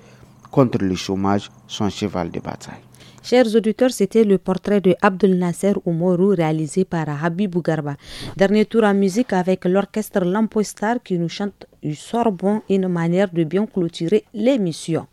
contre le chômage son cheval de bataille. Chers auditeurs, c'était le portrait de Abdel Nasser Oumourou réalisé par Habibou Garba. Dernier tour en musique avec l'orchestre Star qui nous chante du sorbon, une manière de bien clôturer l'émission.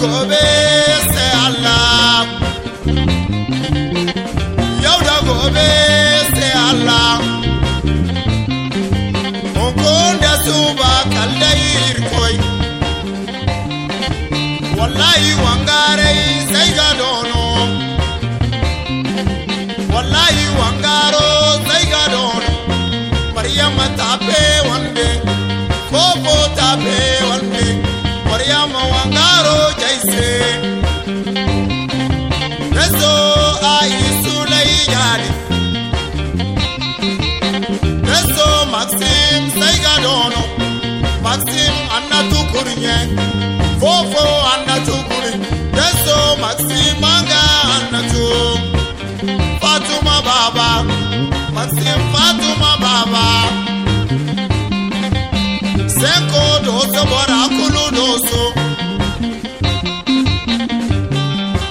gobe irikoi wallahi wangarei zaiga dono wallahi wangaro zaiga dono mariyama tape wande fofo tape wande mariyama wangaro jaise nye fofo anatu kuli yeso maxi manga anatu fatuma baba maxi fatuma baba senko doso bora kulu doso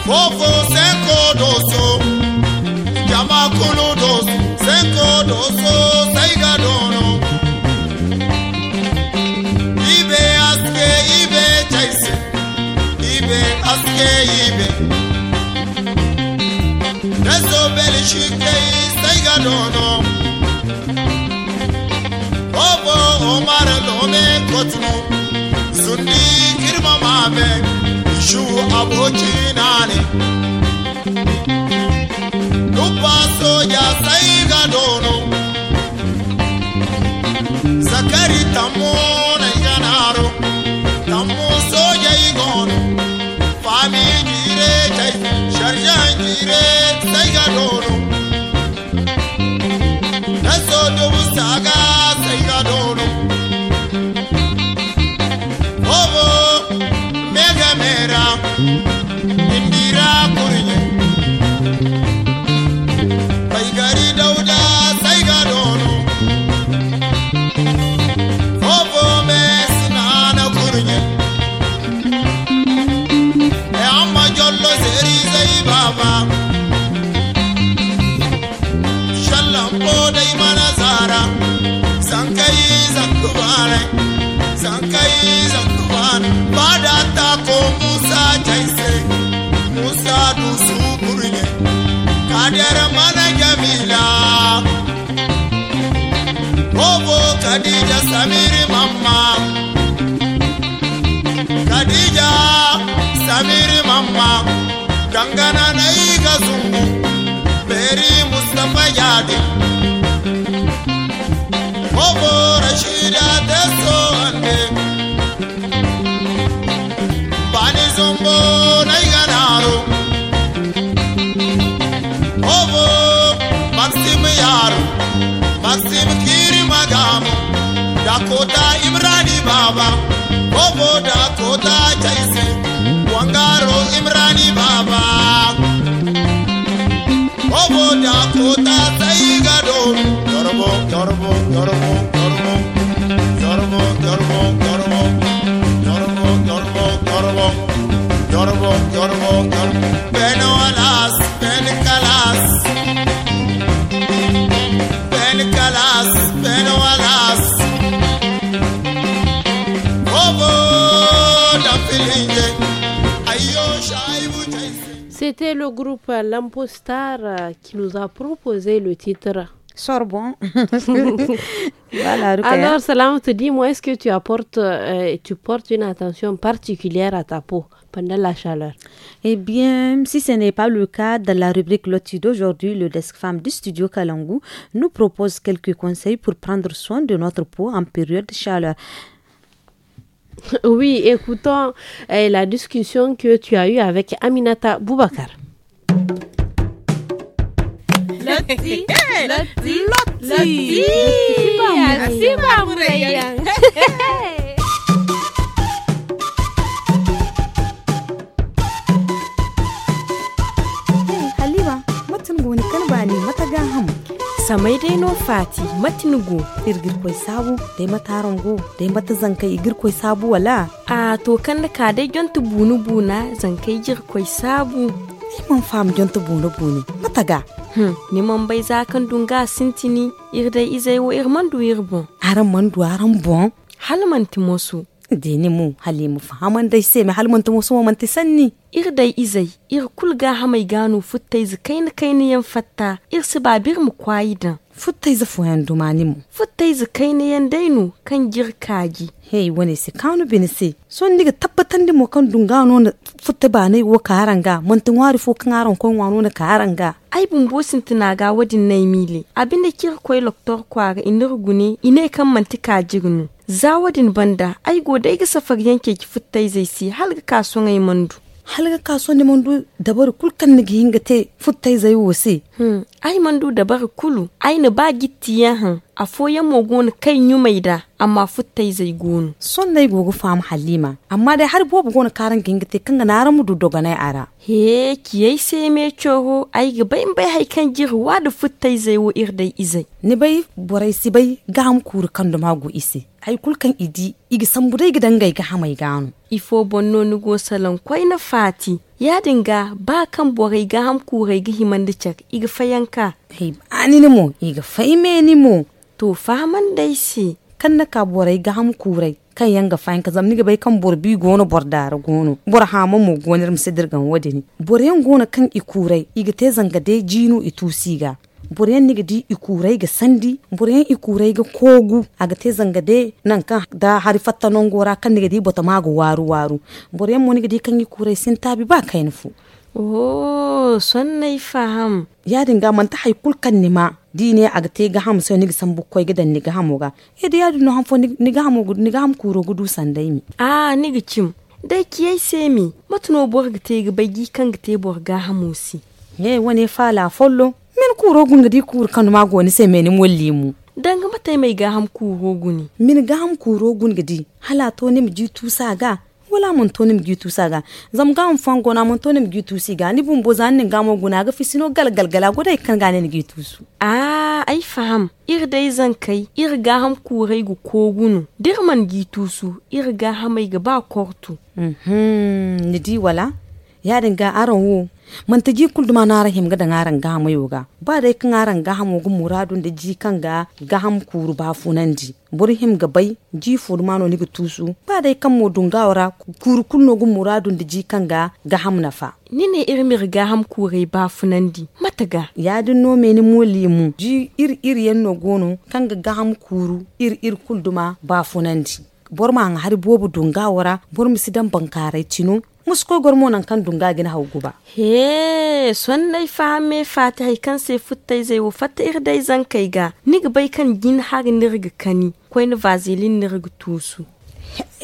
fofo senko doso jama kulu doso senko doso saiga doso. nono Obo Omar Lome Kotunu Zundi Kirma Mabe Shu Abokinani Khadija Samiri Mama Khadija Samiri Mama Dangana Naiga Zungu Mary Mustafa Yadi Muta Jaise, Wangaro Imrani Baba. Obo Dakota Taigado, Yorbo, Yorbo, Yorbo, Yorbo, Yorbo, Yorbo, Yorbo, Yorbo, Yorbo, Yorbo, Yorbo, Yorbo, Yorbo. C'était le groupe Lampo euh, qui nous a proposé le titre. Sorbon. voilà, Alors, Salam, te dis, moi, est-ce que tu apportes, euh, tu portes une attention particulière à ta peau pendant la chaleur Eh bien, si ce n'est pas le cas, dans la rubrique L'OTU d'aujourd'hui, le desk femme du studio Kalangu nous propose quelques conseils pour prendre soin de notre peau en période de chaleur. Oui, écoutons eh, la discussion que tu as eue avec Aminata Boubakar. samai dai no fati matinugo irgir koi sabu dai mataron dai mata zankai igir koi sabu wala a to kan da ka dai jonta bunu buna zankai jir koi sabu ni mun fam jonta bunu buni mataga hmm ni mun bai za kan dunga sintini ir dai izai wo irman man du irbon aran man du aran bon halman timosu dini mu halimu fahaman dai se mai halman ta musu man sanni ir dai izai ir kulga hamai gano futtai zu kaini yan fatta ir babir mu kwayi dan futtai zu foyan dumani kaini yan dainu kan girkaji hey wani se kanu bin se son diga tabbatan da kan futta ba ne wo karanga mantin wari fo kan aron kon wano na ga ai bo sin ga wadin nai mile abinda kir koi loktor ga inir gune ine kan manti ka za zawadin banda ai godai ga safar yanke ki futtai zai si halga kasu ngai mandu halga kaso ne mandu dabar kul kan nigi te futtai zai wuse. hmm. ai mandu dabar kulu ai na ba gitti yahan a foyan kai yu mai da amma futtai zai gonu son nai gogo fam halima amma dai har bobu gona karan te kan na ramu mu doga ara he kiyai sai me choho ai ga bai bai hai kan wa da futtai zai wo irdai izai ni bai borai si bai gam kuru kan da mago isi hai kulkan idi igi sambure igi dangai ga hamai gano ifo bonno ni go salon kwai na fati ya dinga ba kan borai ga ham kurai gi himan da cak igi fayanka hey ani ni mo igi me ni mo to faman dai si kan na ka borai ga ham kurai kan yanga fayin ka zamni bai kan bor bi gono bor dara gono bor hama mo gonar musidir gan wadini bor yan gono kan ikurai iga te zanga dai jinu itusiga Bore niga di sandi bore ikurai kogu Agate Zangade, Nanka, da harifata non kan niga di waru waru buryan mo niga kan tabi ba oh son faham ya dinga man ta kul kan ga ham so niga sambu koy ga e no ham fo niga hamu gudu niga kuro gudu ah niga Daiki dai kiyai semi borga te ga bagi kan ga te borga hamusi ye fala min kuro gunga di kur kanu ma goni sai meni molli mu danga mata mai ga ham kuro guni min ga ham kuro gunga gadi hala to ne mi jitu saga wala mun to ne mi jitu saga zam ga fan na mun to ne mi jitu siga ni bun bozan ne ga mo guna ga fisino gal gal gala dai kan ga ne ni jitu su ah ai faham ir dai zan kai ir ga ham kurai gu ko gunu dirman jitu su ir ga mai ga ba kortu mhm ni di wala ya dinga aron wo man ta ji kulduma na rahim ga da ngaran ga mayo ga ba dai kan ngaran ga hamu gu muradun da ji kan ga ga ham kuru ba funan ji him ga bai ji furmano ni tusu ba dai kan mu dungawara kuru kunno gu muradun da ji kan ga ga ham na fa ni ne irin ga ham kuri ba funandi mataga ya din no me ni moli mu ji ir ir yan no gono kan ga ga ham kuru ir ir kulduma ba funandi bor ma har bobu dungawara bor mu bankare bankarai cinu musko gormonan kan dunga gina hau ba he son nai me fata hai kan se futta zai wo fatta ir dai zan kai ga nig bai kan gin har nirga kani kwai ni vaseline nirga tusu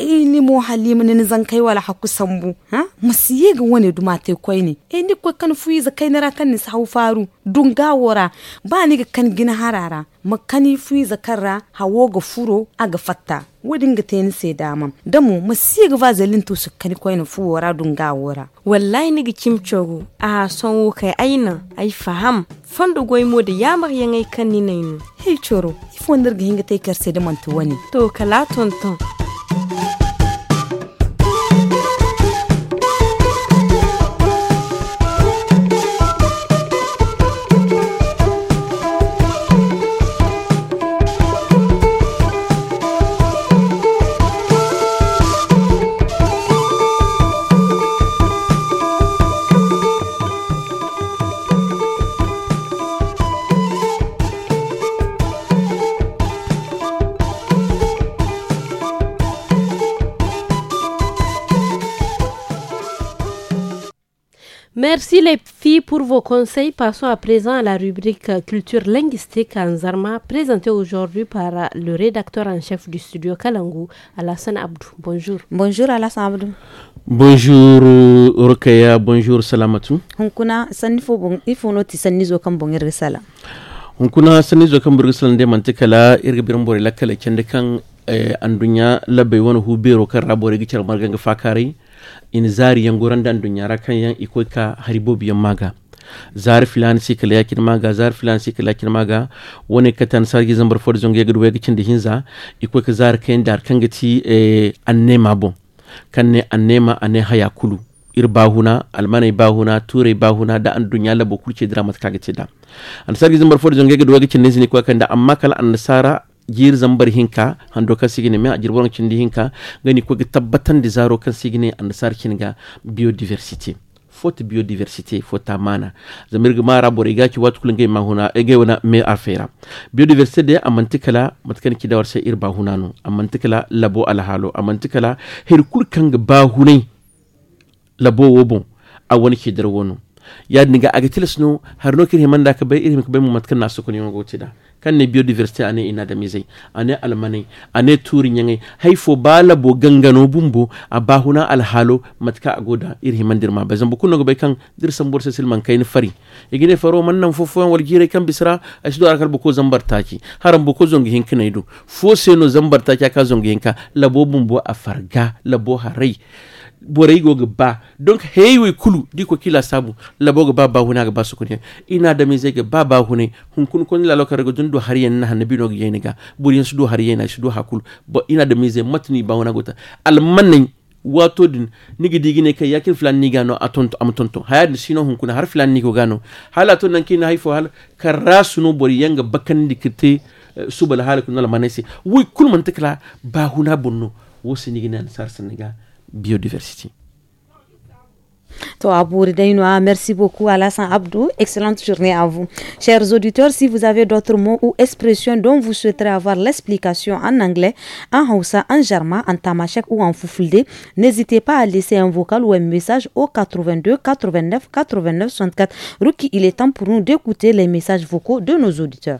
ni mo halima ni zan kai wala haku sambu ha yi ga wani duma te kwai ne e ni ko kan fuyi za kai nira kan ni hau faru dunga wora ba ni ga kan gina harara makani fuyi za kara hawo ga furo aga fatta wadinga teni se dama damu masiga vazelin to su kani koyna fu wara dunga wara wallahi niga kimchogo a son wo kai aina ai faham fondo goymo da yamar yangai kan ni nainu hey choro ifo ga hinga tay karse da mantu wani to kala tonton Merci les filles pour vos conseils. Passons à présent à la rubrique culture linguistique en Zarma, présentée aujourd'hui par le rédacteur en chef du studio Kalangu, Alassane Abdou. Bonjour. Bonjour Alassane Abdou. Bonjour euh, Rokaya, bonjour Salamatou. Hunkuna, sanifo ifo noti sanizo kambongere sala. Hunkuna sanizo kambongere sala ndemante kala irgabirambore lakala kende kan eh, andunya labai wani hubero kan rabore gichar marganga fakari. in zari yan goran dan dunya rakan yan ikoi ka haribo biyan maga zar filan si kala yakin maga zar filan si kala yakin maga wani katan sargi zambar fod zonge gadu wega cin da hinza ikoi ka zar kayan dar kan gati eh, anne mabo kan ne anne ma anne haya kulu ir bahuna almanai bahuna turai bahuna da an dunya labo kurce dira matka gace da an sargi zambar fod zonge gadu wega cin ne ko kan da amma kala an nasara jir zambar hinka hando kan sigine me ajir boron cindi hinka gani ko gi tabbatan di zaro kan sigine and sar kinga biodiversity faute biodiversité fota mana zamirga mara bore ga ci watu kulnga ma huna ege wana me afera biodiversité de amantikala matkan ki dawar sai irba hunanu amantikala labo alhalo amantikala her kul kulkan ba hunai labo wobo a wani ki dar wonu ya dinga aga tilasno har no kin himanda ka bai irim ka bai mu matkan nasu kun yongo da kan ne biodiversité ane mizai ane almane ane turi nyange haifo fo bala bo gangano bumbo abahuna alhalo matka agoda irhi mandir ma bazan bu kunno be kan dir sambor se silman kayin fari igine faro man nan fofo wal gire kan bisra asido arakal bu ko zambar taki haram bu ko zongi hinka naidu fo seno zambar taki ka zongi hinka labo bumbo afarga labo harai boreygo ga ba donc heewi kulu di ko kila sabu labo ga ba ba huna ga ba su kunya ina da mi zege ba ba hune hun kun kun la lokare go do hariyen na hannabi no ga yene ga burin su do hariyen na su do hakul ba ina da mi ze matni ba huna gota al manni wato din nigi digi ne kai yakin flan ni gano a tonto am tonto haya da sino hun kun har flan ni go gano hala to nan kina haifo hal karasu no bori yanga bakan dikite subal hal kun manasi manese wi kul mantikla ba huna bunno wosi nigi nan sar saniga biodiversity. Merci beaucoup Alassane Abdou. Excellente journée à vous. Chers auditeurs, si vous avez d'autres mots ou expressions dont vous souhaiterez avoir l'explication en anglais, en Hausa, en germain, en tamashek ou en fufuldé, n'hésitez pas à laisser un vocal ou un message au 82 89 89 64. Ruki, il est temps pour nous d'écouter les messages vocaux de nos auditeurs.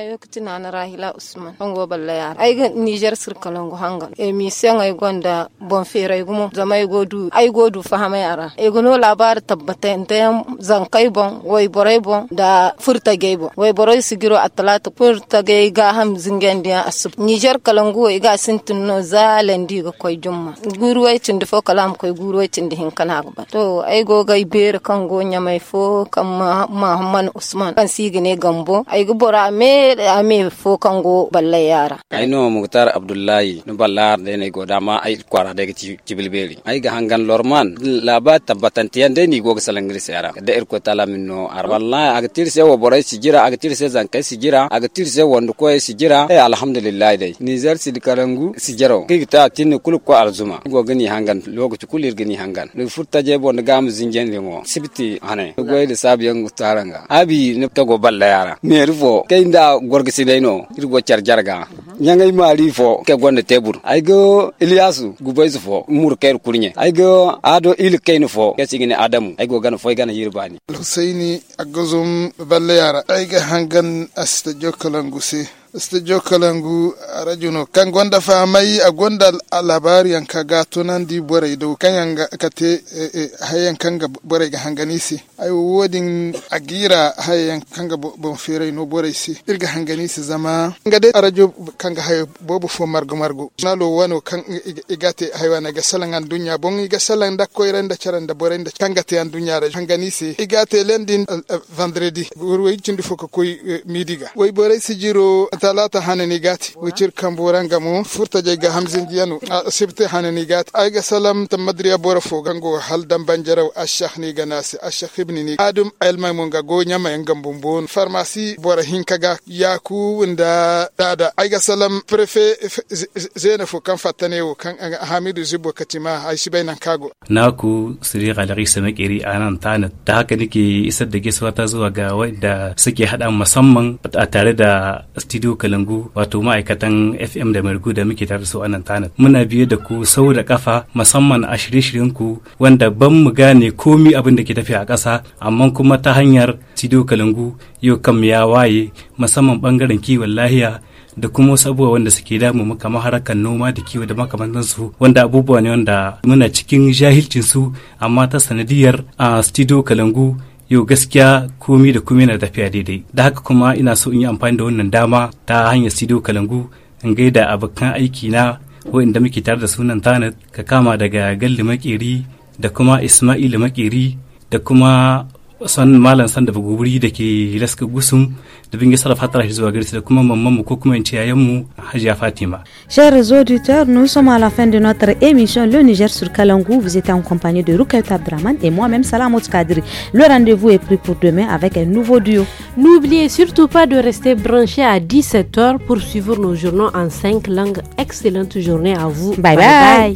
ay kutina na rahila usman hango balla yar ay ga niger sirkalango hanga e mi sen ay gonda bon fere ay gumo zama ay godu ay godu fahama yara ay gono labar tabbata ente zan kai bon way boray bon da furta gay bon way boray sigiro atalata furta gay ga ham zingendiya asub niger kalango ay ga sintinno zalandi ga koy jumma guruwai cindi fo kalam koy guruwai cindi hin kana ba to ay go ga ibere kango go nyamai fo kan mahamman usman kan sigine gambo ay go bora me da ame fo kango balle yara ai no muktar abdullahi no ballar de ne goda ma ai kwara de cibilbeli ai ga hangan lorman la ba tabatanti ande ni go salangri sera de er ko tala min no ar wallahi aga tirse wo boray jira. aga tirse zan kai jira. aga tirse wondu si jira. eh e alhamdulillah dai ni zar si karangu sigero ta tinni kul ko arzuma go gani hangan lokaci kulir gani hangan ni furta je bon gam zingen mo sibiti hane go ile sabiyan taranga abi ne to go balla yara fo. kai da no iri go carjarga ñangay maali fo ke gonde tebur ay go iliasu gubays fo mur ker kurnye go ado il kayno fo ke sigine adamu go gan fo gan yirbani seyni agozum balle yara ga hangan asta jokalangusi studio kalangu rajuno kan gonda famai a gonda labari yanka ga tunan di borai da kan yanga kate eh, eh, hayan kan ga borai ga hanganisi ai wodin agira hayan kan ga bon ferai no borai si irga hanganisi zama ga dai rajo kan ga hayo bobo fo margo margo na lo wano kan igate haywa na ga salan an dunya bon iga salan da ko da charan da borai da kan ga te an dunya rajo hanganisi igate lendin eh, vendredi wurwe cindi foko koy midiga way borai si jiro ثلاثة حننيجات ويشير كمبوران جمو فرتا جيجا همزين ديانو سبت حننيجات أيجا سلام تم مدري أبورفو جنجو هل دم بنجرو أشخني جناسي أشخ ابنني آدم علم مونجا جو نما ينجم بومبون فارماسي بورهين كجا ياكو وندا دادا أيجا سلام بريفي زينفو كان فتنيو كان حميد زبو كتما اي بين كاجو ناكو سريغ على غي سمك مكيري أنا تانا تاكا نيكي إسد جسوا تزوا جا وين دا سكي حد أم مصمم أتاري دا استديو Radio kalangu wato ma'aikatan fm da margu da muke tare su a nan tanar muna biye da ku sau da kafa musamman a shirye-shiryen ku wanda ban mu gane komi abin da ke tafiya a ƙasa amma kuma ta hanyar studio kalangu yau kam ya waye musamman bangaren kiwon lahiya da kuma wasu abubuwa wanda suke damu mu kamar noma da kiwo da su wanda abubuwa ne wanda muna cikin jahilcin su amma ta sanadiyar a studio kalangu yau gaskiya komi da komi na tafiya daidai da haka kuma ina so in yi amfani da wannan dama ta hanyar sido kalangu in gaida abokan aiki na waɗanda muke tare da sunan tanit ka kama daga galli makeri da kuma ismail makeri da kuma Chers auditeurs, nous sommes à la fin de notre émission Le Niger sur Kalangou. Vous êtes en compagnie de Rukaït Abdraman et moi-même Salam Kadri. Le rendez-vous est pris pour demain avec un nouveau duo. N'oubliez surtout pas de rester branché à 17h pour suivre nos journaux en 5 langues. Excellente journée à vous. bye. bye.